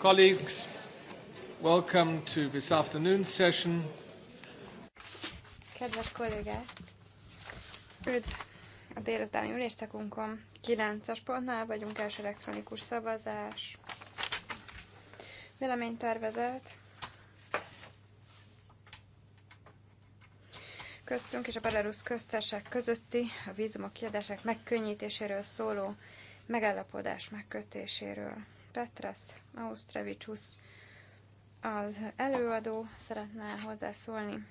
Colleagues, welcome to this afternoon session. Kedves kollégák, üdv a délutáni üléstakunkon. 9-as pontnál vagyunk, első elektronikus szavazás. Véleménytervezet. köztünk és a belarusz köztársaság közötti a vízumok kiadásák megkönnyítéséről szóló megállapodás megkötéséről. Petras Austrevicius az előadó szeretne hozzászólni.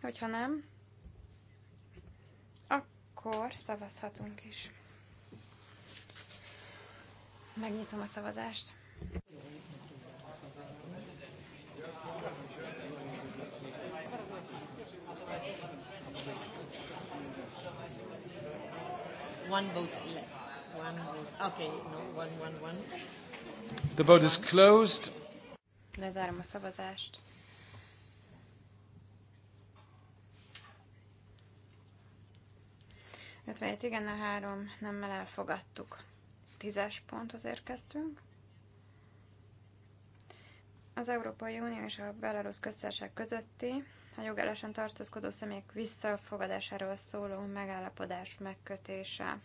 Hogyha nem, akkor szavazhatunk is. Megnyitom a szavazást. One vote left. The vote is closed. Lezárom a szavazást. Ötvenhét igennel három nemmel elfogadtuk. Tízes ponthoz érkeztünk. Az Európai Unió és a Belarus köztársaság közötti a jogállásan tartózkodó személyek visszafogadásáról szóló megállapodás megkötése.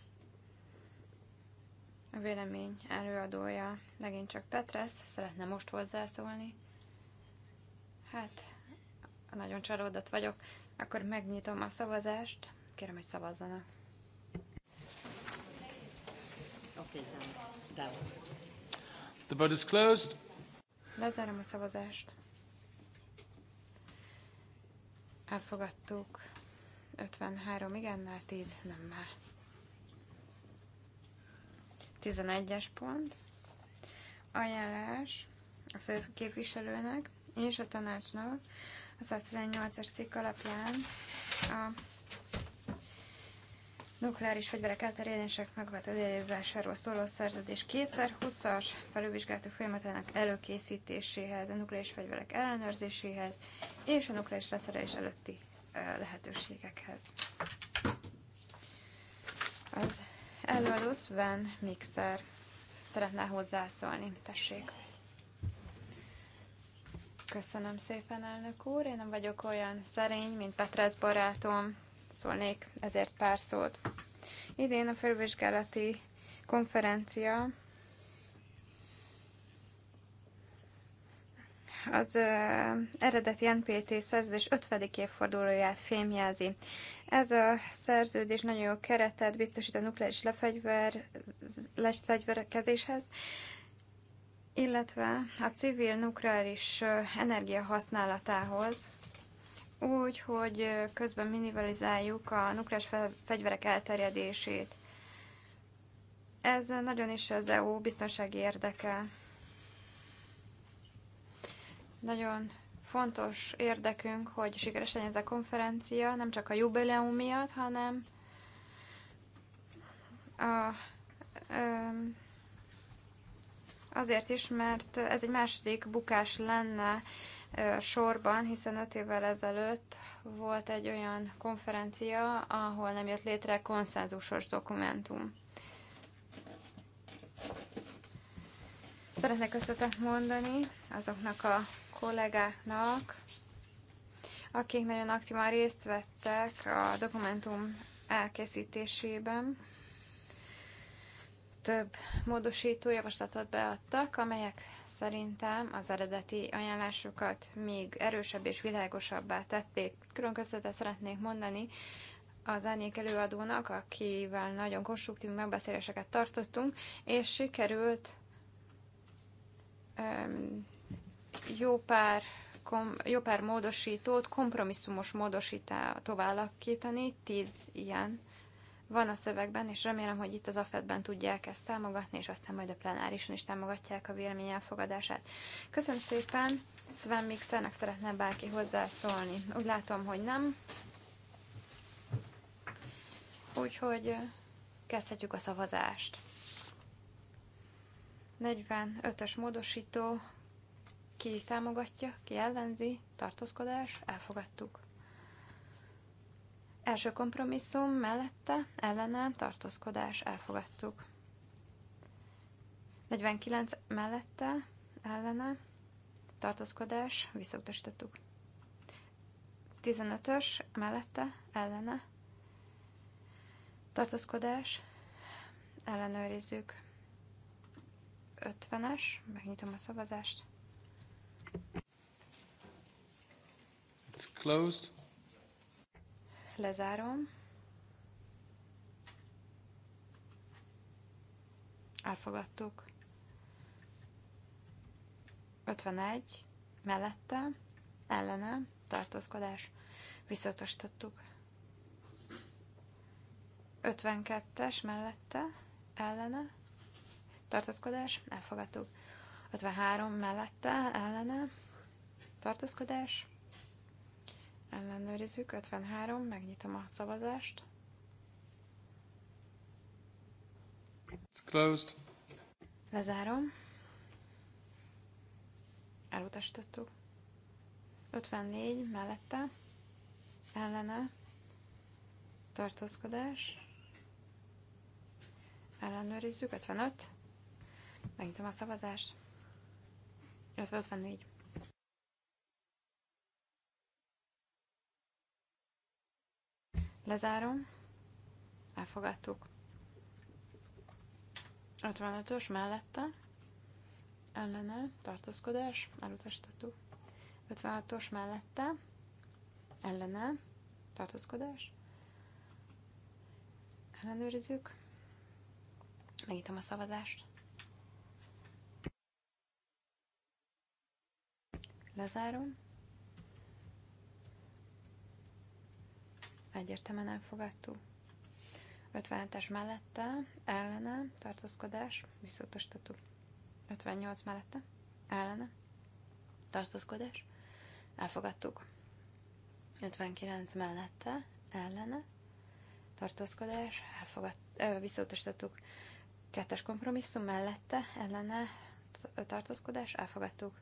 A vélemény előadója megint csak Petresz, szeretne most hozzászólni. Hát, nagyon csalódott vagyok. Akkor megnyitom a szavazást. Kérem, hogy szavazzanak. The vote is closed. Lezárom a szavazást. Elfogadtuk. 53 igennel, 10 nem már. 11-es pont, ajánlás a főképviselőnek és a tanácsnak a 118-as cikk alapján a nukleáris fegyverek elterjedések megvetőzésáról szóló szerződés 2020-as felülvizsgálati folyamatának előkészítéséhez, a nukleáris fegyverek ellenőrzéséhez és a nukleáris leszerelés előtti lehetőségekhez. Az Előadó Sven Mixer szeretne hozzászólni. Tessék. Köszönöm szépen, elnök úr. Én nem vagyok olyan szerény, mint Petrez barátom. Szólnék ezért pár szót. Idén a felvizsgálati konferencia az eredeti NPT szerződés 50. évfordulóját fémjelzi. Ez a szerződés nagyon jó keretet biztosít a nukleáris lefegyver, lefegyverkezéshez, illetve a civil nukleáris energia használatához, úgy, hogy közben minimalizáljuk a nukleáris fegyverek elterjedését. Ez nagyon is az EU biztonsági érdeke. Nagyon fontos érdekünk, hogy sikeres legyen ez a konferencia, nem csak a jubileum miatt, hanem a, azért is, mert ez egy második bukás lenne sorban, hiszen öt évvel ezelőtt volt egy olyan konferencia, ahol nem jött létre konszenzusos dokumentum. Szeretnék összetett mondani azoknak a kollégáknak, akik nagyon aktívan részt vettek a dokumentum elkészítésében. Több módosító javaslatot beadtak, amelyek szerintem az eredeti ajánlásokat még erősebb és világosabbá tették. Külön köszönetet szeretnék mondani az elnék előadónak, akivel nagyon konstruktív megbeszéléseket tartottunk, és sikerült jó pár, kom, jó pár módosítót kompromisszumos módosítóvá alakítani, tíz ilyen van a szövegben, és remélem, hogy itt az AFED-ben tudják ezt támogatni, és aztán majd a plenárison is támogatják a vélemény elfogadását. Köszönöm szépen! Sven Mixernek szeretne bárki hozzászólni. Úgy látom, hogy nem. Úgyhogy kezdhetjük a szavazást. 45-ös módosító ki támogatja, ki ellenzi, tartózkodás, elfogadtuk. Első kompromisszum mellette, ellene, tartózkodás, elfogadtuk. 49 mellette, ellene, tartózkodás, visszautasítottuk. 15-ös mellette, ellene, tartózkodás, ellenőrizzük. 50-es, megnyitom a szavazást. It's closed. Lezárom. Elfogadtuk. 51 mellette, ellene, tartózkodás, visszatostattuk. 52-es mellette, ellene, tartózkodás, elfogadtuk. 53 mellette, ellene, tartózkodás, ellenőrizzük. 53, megnyitom a szavazást. It's closed. Lezárom. Elutasítottuk. 54 mellette, ellene, tartózkodás, ellenőrizzük, 55, megnyitom a szavazást, 54. Lezárom. Elfogadtuk. 55-ös mellette. Ellene. Tartózkodás. Elutasítottuk. 56-os mellette. Ellene. Tartózkodás. Ellenőrizzük. Megnyitom a szavazást. Lezárom. egyértelműen elfogadtuk. 57-es mellette, ellene, tartózkodás, visszautasítottuk. 58 mellette, ellene, tartózkodás, elfogadtuk. 59 mellette, ellene, tartózkodás, elfogad, visszautasítottuk. Kettes kompromisszum mellette, ellene, tartózkodás, elfogadtuk.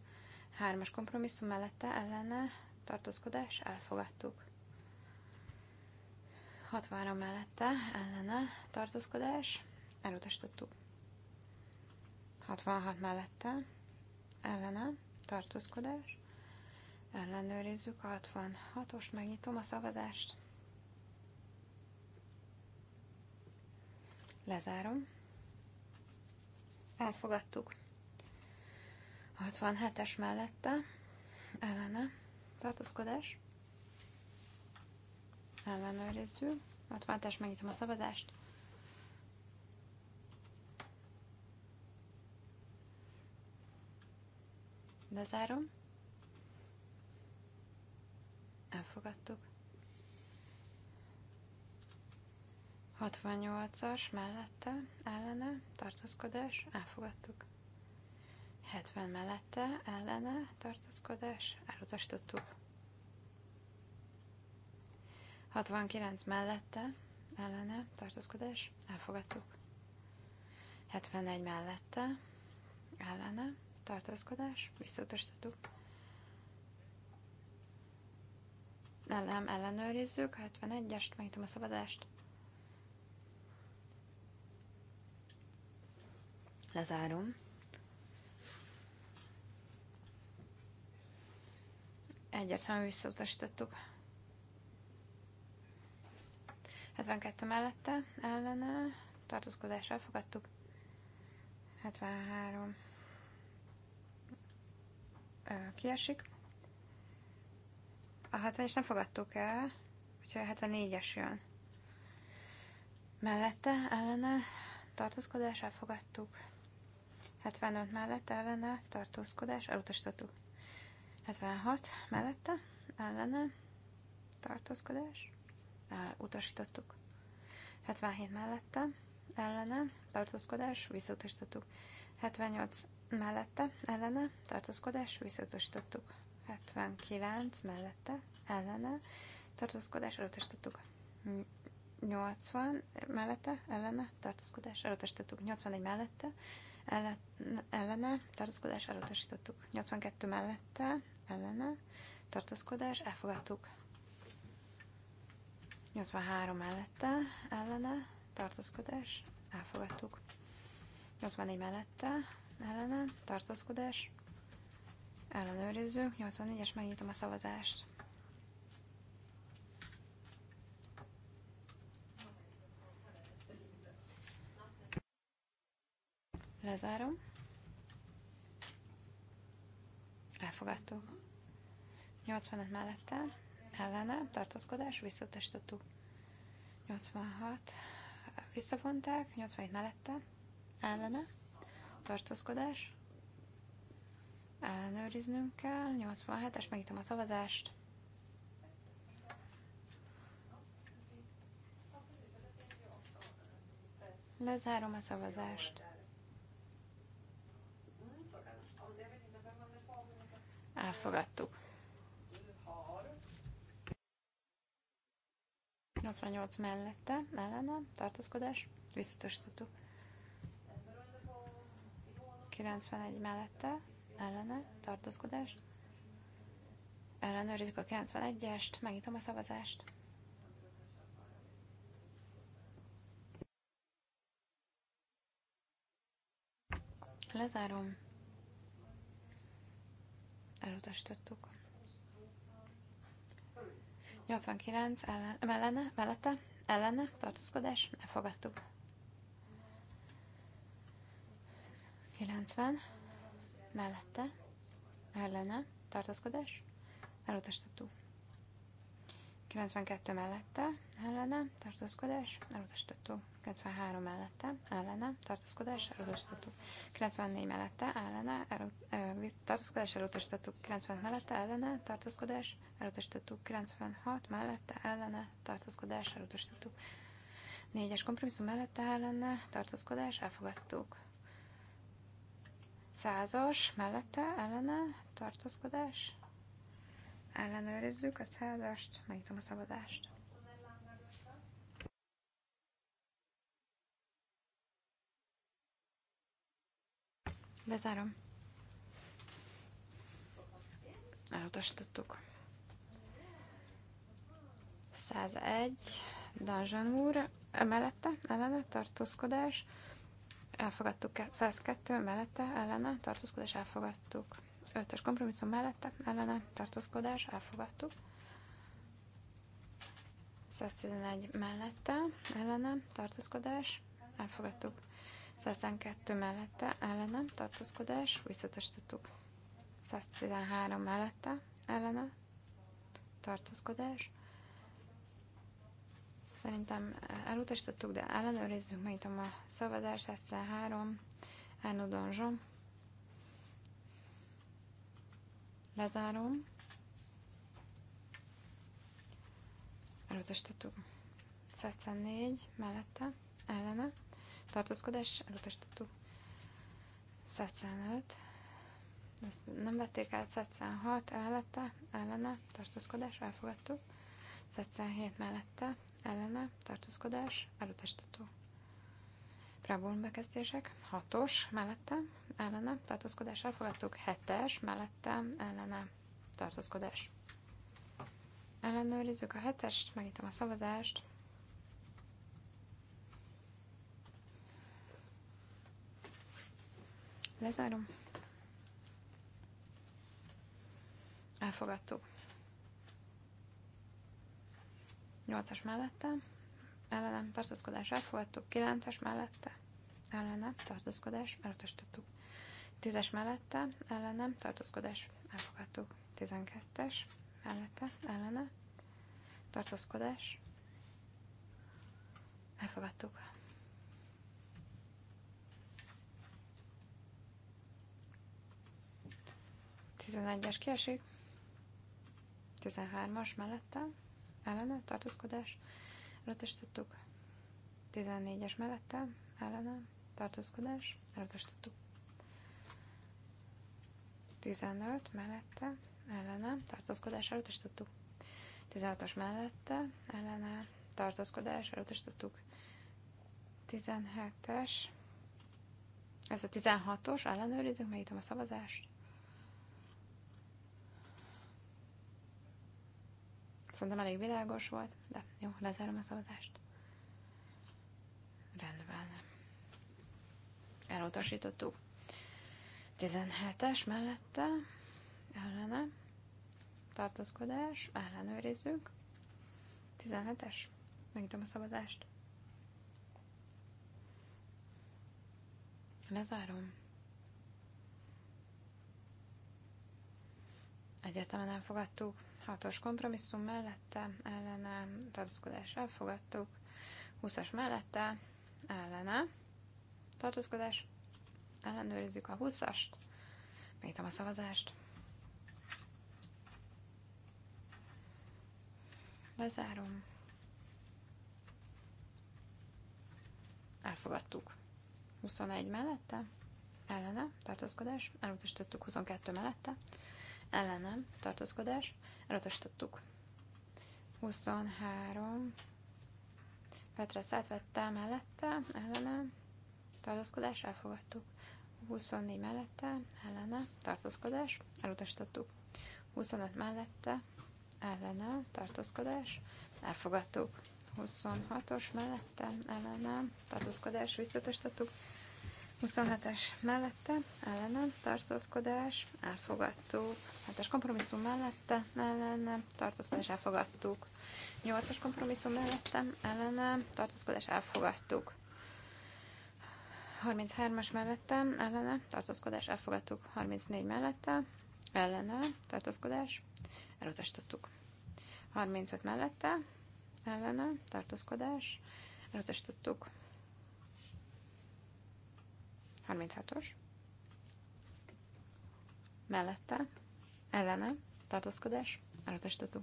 Hármas kompromisszum mellette, ellene, tartózkodás, elfogadtuk. 63 mellette ellene tartózkodás, elutasítottuk. 66 mellette ellene tartózkodás, ellenőrizzük a 66-os, megnyitom a szavazást. Lezárom. Elfogadtuk. 67-es mellette ellene tartózkodás, ellenőrizzük. 60-as, megnyitom a szavazást. Bezárom. Elfogadtuk. 68-as mellette, ellene, tartózkodás, elfogadtuk. 70 mellette, ellene, tartózkodás, elutasítottuk. 69 mellette, ellene, tartózkodás, elfogadtuk. 71 mellette, ellene, tartózkodás, visszautasítottuk. Ellen, ellenőrizzük, 71-est, megnyitom a szabadást. Lezárom. Egyértelműen visszautasítottuk. 72 mellette ellene tartózkodás elfogadtuk. 73 kiesik. A 70 is nem fogadtuk el, úgyhogy a 74-es jön. Mellette ellene tartózkodás elfogadtuk. 75 mellette ellene tartózkodás elutasítottuk. 76 mellette ellene tartózkodás utasítottuk. 77 mellette, ellene, tartózkodás, visszautasítottuk. 78 mellette, ellene, tartózkodás, visszautasítottuk. 79 mellette, ellene, tartózkodás, elutasítottuk. 80 mellette, ellene, tartózkodás, elutasítottuk. 81 mellette, ellene tartózkodás, elutasítottuk. 82 mellette, ellene, tartózkodás, elfogadtuk. 83 mellette, ellene, tartózkodás, elfogadtuk. 84 mellette, ellene, tartózkodás, ellenőrizzük. 84-es, megnyitom a szavazást. Lezárom. Elfogadtuk. 85 mellette, ellene tartózkodás visszautasítottuk. 86 visszavonták, 87 mellette ellene tartózkodás ellenőriznünk kell, 87-es, megítom a szavazást. Lezárom a szavazást. Elfogadtuk. 88 mellette, ellene, tartózkodás, visszatosítottuk. 91 mellette, ellene, tartózkodás. Ellenőrizzük a 91-est, megnyitom a szavazást. Lezárom. Elutasítottuk. 89 ellen, mellene, mellette, ellene, tartózkodás, elfogadtuk. 90 mellette, ellene, tartózkodás, elutasítottuk. 92 mellette, ellene, tartózkodás, elutasítató. 93 mellette, ellene, tartózkodás, elutasítató. 94 mellette, ellene, el, ö, tartózkodás, elutasítató. 90 mellette, ellene, tartózkodás, elutasítató. 96 mellette, ellene, tartózkodás, elutasítató. 4-es kompromisszum mellette, ellene, tartózkodás, elfogadtuk. 100-as mellette, ellene, tartózkodás, ellenőrizzük a szállást, megnyitom a szabadást. Bezárom. Elutasítottuk. 101. Dungeon úr mellette, ellene, tartózkodás. Elfogadtuk 102 mellette, ellene, tartózkodás elfogadtuk ötös kompromisszum mellette ellene tartózkodás elfogadtuk. 111 mellette ellene tartózkodás elfogadtuk. 112 mellette ellene tartózkodás visszatestettük. 113 mellette ellene tartózkodás. Szerintem elutasítottuk, de ellenőrizzük, megnyitom a szavazás. 113 Ánodon Zsom. Lezárom. Elutasítottuk. 104 mellette, ellene. Tartózkodás, elutasítottuk. 105. Ezt nem vették el, 106 mellette, ellene, tartózkodás, elfogadtuk. 107 mellette, ellene, tartózkodás, elutasítható. Preambulum bekezdések, 6-os mellette, ellene tartózkodás elfogadtuk, hetes mellette ellene tartózkodás. Ellenőrizzük a hetest megnyitom a szavazást. Lezárom. Elfogadtuk. 8-as mellette, ellenem tartózkodás elfogadtuk, 9-es mellette, ellenem tartózkodás elutasítottuk. Tízes mellette, ellenem, tartózkodás, elfogadtuk. Tizenkettes mellette, ellene, tartózkodás, elfogadtuk. Tizenegyes kiesik, tizenhármas mellette, ellene, tartózkodás, elutasítottuk. tizennégyes mellette, ellene, tartózkodás, elutasítottuk. 15 mellette, ellene, tartózkodás elutasítottuk. 16-os mellette, ellene, tartózkodás elutasítottuk. 17-es, ez a 16-os, ellenőrizzük, megnyitom a szavazást. Szerintem elég világos volt, de jó, lezárom a szavazást. Rendben. Elutasítottuk. 17-es mellette ellene tartózkodás, ellenőrizzük. 17-es, megnyitom a szavazást. Lezárom. Egyetemen elfogadtuk. Hatos kompromisszum mellette, ellene, tartózkodás elfogadtuk. 20-as mellette, ellene, tartózkodás ellenőrizzük a 20-ast, Megítem a szavazást, lezárom, elfogadtuk. 21 mellette, ellene, tartózkodás, elutasítottuk 22 mellette, ellenem, tartózkodás, elutasítottuk. 23, Petra szátvette mellette, ellenem, tartózkodás, elfogadtuk. 24 mellette, ellene, tartózkodás, elutasítottuk. 25 mellette, ellene, tartózkodás, elfogadtuk. 26-os mellette, ellene, tartózkodás, visszatosítottuk. 27-es mellette, ellene, tartózkodás, elfogadtuk. 7-es kompromisszum mellette, ellene, tartózkodás, elfogadtuk. 8-as kompromisszum mellette, ellene, tartózkodás, elfogadtuk. 33-as mellette, ellene, tartózkodás, elfogadtuk. 34 mellette, ellene, tartózkodás, elutasítottuk. 35 mellette, ellene, tartózkodás, elutasítottuk. 36-os. Mellette, ellene, tartózkodás, elutasítottuk.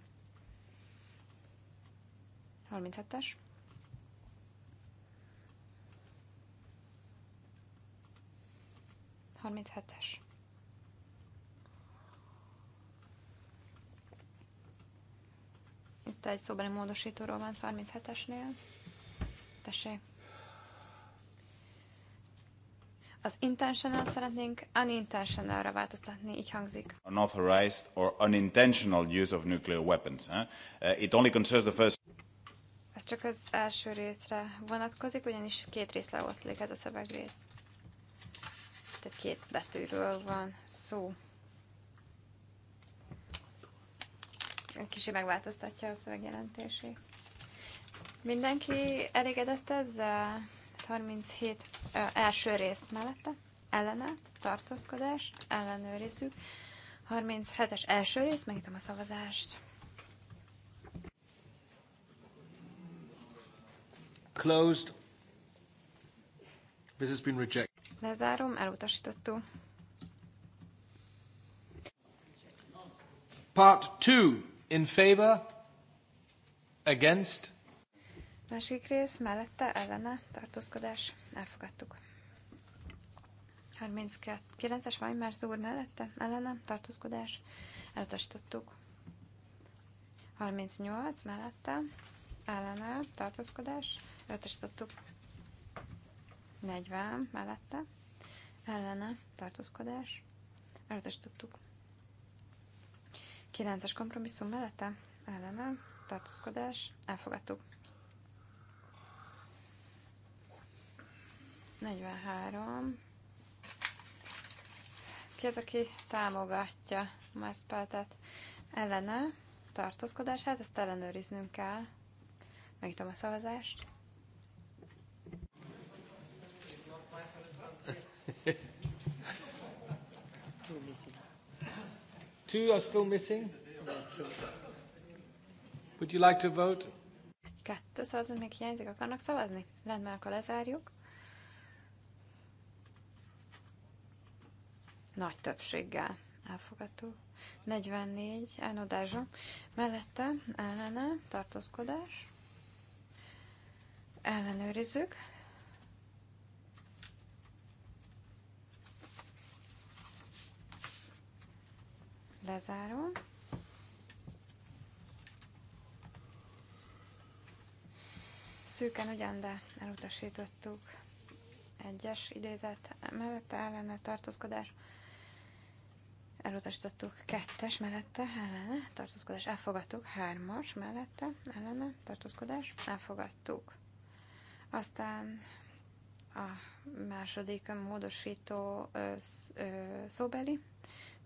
37-es. 37-es. Itt egy szóbeli módosítóról van szó 37-esnél. Tessék. Az intentional szeretnénk unintentional-ra változtatni, így hangzik. Unauthorized or unintentional use of nuclear weapons. Eh? it only concerns the first... Ez csak az első részre vonatkozik, ugyanis két részre oszlik ez a szövegrész. Itt két betűről van szó. Kicsi megváltoztatja a szövegjelentését. Mindenki elégedett ezzel? 37 ö, első rész mellette, ellene, tartózkodás, ellenőrizzük. 37-es első rész, megítom a szavazást. Closed. This has been rejected. Lezárom, elutasítottuk. Part 2. In favor, against. Másik rész, mellette, ellene, tartózkodás, elfogadtuk. 39-es már úr mellette, ellene, tartózkodás, elutasítottuk. 38 mellette, ellene, tartózkodás, elutasítottuk. 40 mellette, ellene, tartózkodás, elutasítottuk. 9-es kompromisszum mellette, ellene, tartózkodás, elfogadtuk. 43. Ki az, aki támogatja Mászpáltát? ellene tartózkodását? Ezt ellenőriznünk kell. Megítom a szavazást. Two are still missing? Would you like to vote? Kettő szavazunk, még hiányzik, akarnak szavazni? már akkor lezárjuk. Nagy többséggel elfogadó. 44 elnodása. Mellette ellene tartózkodás. Ellenőrizzük. Lezárom. Szűken ugyan, de elutasítottuk. Egyes idézet mellette ellene tartózkodás. Elutasítottuk kettes mellette ellene tartózkodás. Elfogadtuk hármas mellette ellene tartózkodás. Elfogadtuk. Aztán a második módosító szóbeli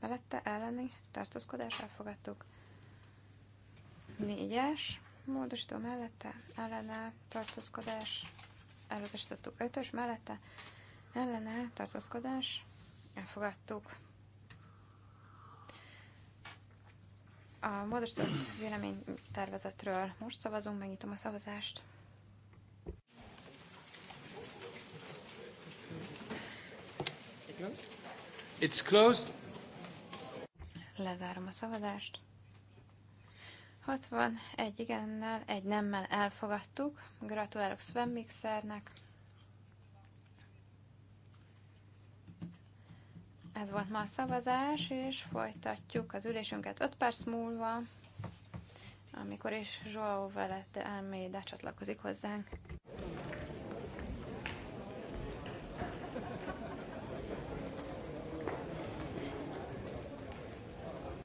mellette elleni tartózkodás elfogadtuk. Négyes módosító mellette ellene tartózkodás elutasítottuk. Ötös mellette ellene tartózkodás elfogadtuk. A módosított véleménytervezetről most szavazunk, megnyitom a szavazást. It's closed. Lezárom a szavazást. 61 igennel, egy nemmel elfogadtuk. Gratulálok Sven Mixernek. Ez volt ma a szavazás, és folytatjuk az ülésünket 5 perc múlva, amikor is Joao Velete elmélyide csatlakozik hozzánk.